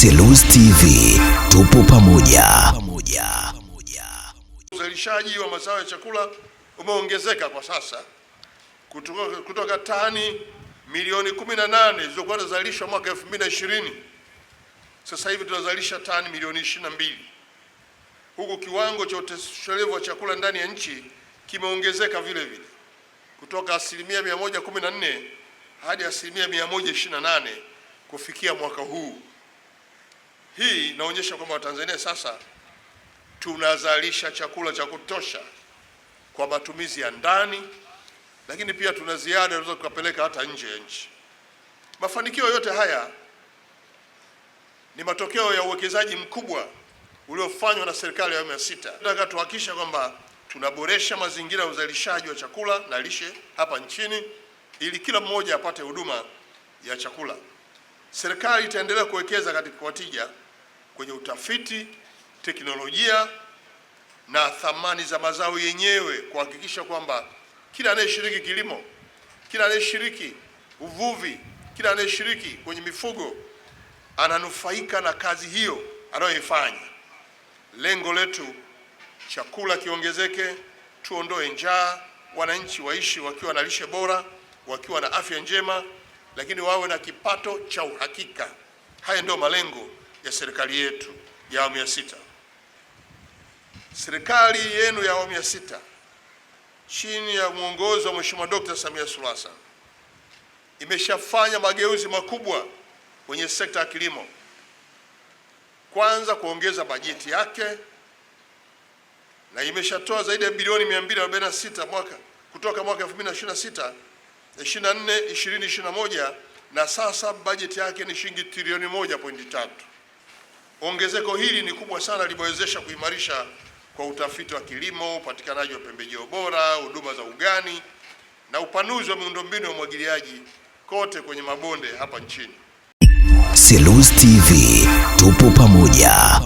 Selous TV tupo pamoja. Uzalishaji wa mazao ya chakula umeongezeka kwa sasa kutoka, kutoka tani milioni 18 zilizokuwa zinazalishwa mwaka 2020 sasa hivi tunazalisha tani milioni 22, huku kiwango cha utoshelevu wa chakula ndani ya nchi kimeongezeka vile vile kutoka asilimia 114 hadi asilimia 128 kufikia mwaka huu. Hii inaonyesha kwamba Watanzania sasa tunazalisha chakula cha kutosha kwa matumizi ya ndani, lakini pia tuna ziada tunaweza tukapeleka hata nje ya nchi. Mafanikio yote haya ni matokeo ya uwekezaji mkubwa uliofanywa na serikali ya awamu ya sita. Nataka tuhakikisha kwamba tunaboresha mazingira ya uzalishaji wa chakula na lishe hapa nchini ili kila mmoja apate huduma ya chakula. Serikali itaendelea kuwekeza katika tija kwenye utafiti, teknolojia na thamani za mazao yenyewe, kuhakikisha kwamba kila anayeshiriki kilimo, kila anayeshiriki uvuvi, kila anayeshiriki kwenye mifugo ananufaika na kazi hiyo anayoifanya. Lengo letu chakula kiongezeke, tuondoe njaa, wananchi waishi wakiwa na lishe bora, wakiwa na afya njema, lakini wawe na kipato cha uhakika. Haya ndio malengo ya serikali yetu ya awamu ya sita. Serikali yenu ya awamu ya sita chini ya mwongozo wa Mheshimiwa Dr. Samia Suluhu Hassan imeshafanya mageuzi makubwa kwenye sekta ya kilimo, kwanza kuongeza bajeti yake na imeshatoa zaidi ya bilioni 246 mwaka kutoka mwaka 2026 24 2021 na sasa bajeti yake ni shilingi trilioni 1.3. Ongezeko hili ni kubwa sana, limewezesha kuimarisha kwa utafiti wa kilimo, upatikanaji wa pembejeo bora, huduma za ugani na upanuzi wa miundombinu ya umwagiliaji kote kwenye mabonde hapa nchini. Selous TV tupo pamoja.